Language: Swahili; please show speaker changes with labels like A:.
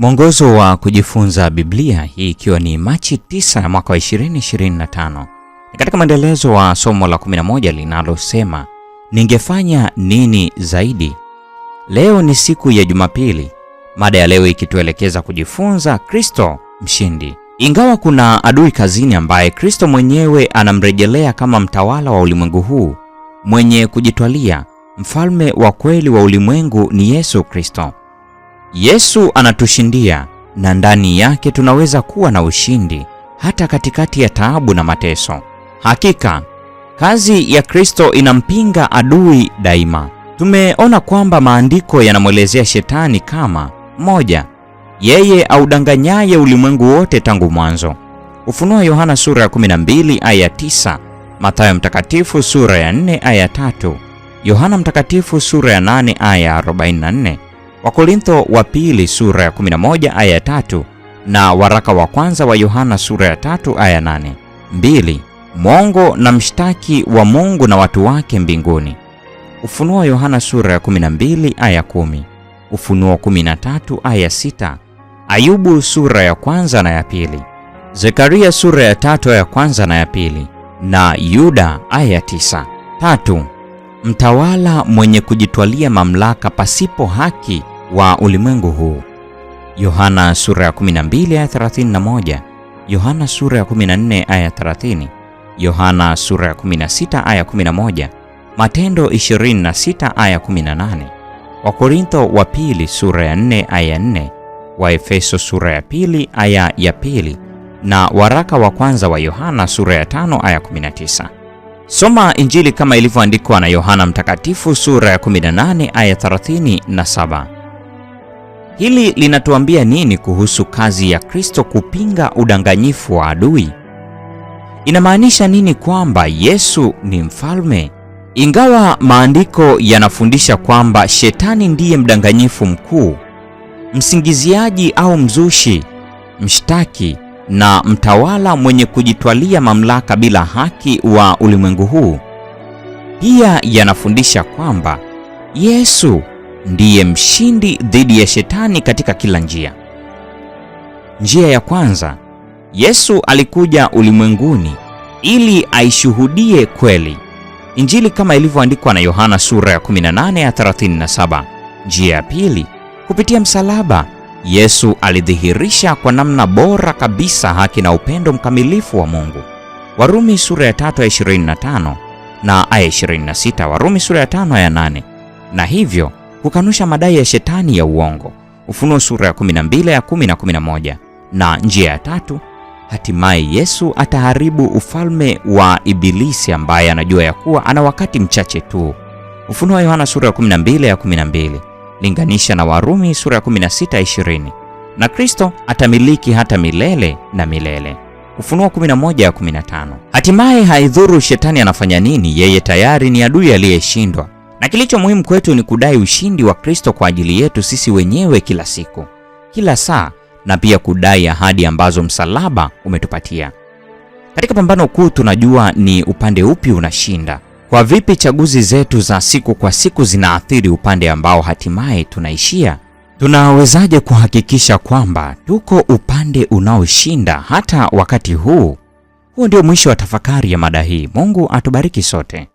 A: Mwongozo wa kujifunza Biblia, hii ikiwa ni Machi 9 mwaka wa 2025, ni katika mwendelezo wa somo la 11 linalosema ningefanya nini zaidi. Leo ni siku ya Jumapili, mada ya leo ikituelekeza kujifunza Kristo mshindi. Ingawa kuna adui kazini ambaye Kristo mwenyewe anamrejelea kama mtawala wa ulimwengu huu mwenye kujitwalia, mfalme wa kweli wa ulimwengu ni Yesu Kristo. Yesu anatushindia na ndani yake tunaweza kuwa na ushindi hata katikati ya taabu na mateso. Hakika kazi ya Kristo inampinga adui daima. Tumeona kwamba maandiko yanamwelezea shetani kama moja, yeye audanganyaye ulimwengu wote tangu mwanzo, Ufunuo Yohana sura ya 12 aya 9, Mathayo mtakatifu sura ya 4 aya 3, Yohana mtakatifu sura ya 8 aya 44. Wakorintho wa pili sura ya 11 aya ya tatu na waraka wa kwanza wa Yohana sura ya tatu aya nane. Mbili, mwongo na mshtaki wa Mungu na watu wake mbinguni. Ufunuo Yohana sura ya 12 aya kumi. Ufunuo 13 aya sita. Ayubu sura ya kwanza na ya pili. Zekaria sura ya tatu aya kwanza na ya pili na Yuda aya tisa. Tatu, mtawala mwenye kujitwalia mamlaka pasipo haki wa ulimwengu huu. Yohana sura ya 12 aya 31, Yohana sura ya 14 aya 30, Yohana sura ya 16 aya 11, Matendo 26 aya 18, Wakorintho wa pili sura ya 4 aya 4, Waefeso sura ya pili aya ya pili na waraka wa kwanza wa Yohana sura ya 5 aya 19. Soma Injili kama ilivyoandikwa na Yohana Mtakatifu sura ya 18 aya 37. Hili linatuambia nini kuhusu kazi ya Kristo kupinga udanganyifu wa adui? Inamaanisha nini kwamba Yesu ni mfalme? Ingawa maandiko yanafundisha kwamba shetani ndiye mdanganyifu mkuu, msingiziaji au mzushi, mshtaki na mtawala mwenye kujitwalia mamlaka bila haki wa ulimwengu huu, pia yanafundisha kwamba Yesu ndiye mshindi dhidi ya shetani katika kila njia. Njia ya kwanza, Yesu alikuja ulimwenguni ili aishuhudie kweli. Injili kama ilivyoandikwa na Yohana sura ya 18 ya 37. Njia ya pili, kupitia msalaba Yesu alidhihirisha kwa namna bora kabisa haki na upendo mkamilifu wa Mungu. Warumi sura ya 3 ya 25 na aya 26, Warumi sura ya 5 ya 8. Na hivyo kukanusha madai ya shetani ya uongo Ufunuo sura ya 12 ya 10 na 11. Na njia ya tatu, hatimaye Yesu ataharibu ufalme wa Ibilisi ambaye anajua ya kuwa ana wakati mchache tu. Ufunuo wa Yohana sura ya 12 ya 12, linganisha na Warumi sura ya 16 20. Na Kristo atamiliki hata milele na milele. Ufunuo 11 ya 15. Hatimaye haidhuru shetani anafanya nini, yeye tayari ni adui aliyeshindwa na kilicho muhimu kwetu ni kudai ushindi wa Kristo kwa ajili yetu sisi wenyewe kila siku, kila saa, na pia kudai ahadi ambazo msalaba umetupatia. Katika pambano kuu tunajua ni upande upi unashinda, kwa vipi chaguzi zetu za siku kwa siku zinaathiri upande ambao hatimaye tunaishia. Tunawezaje kuhakikisha kwamba tuko upande unaoshinda hata wakati huu? Huo ndio mwisho wa tafakari ya mada hii. Mungu atubariki sote.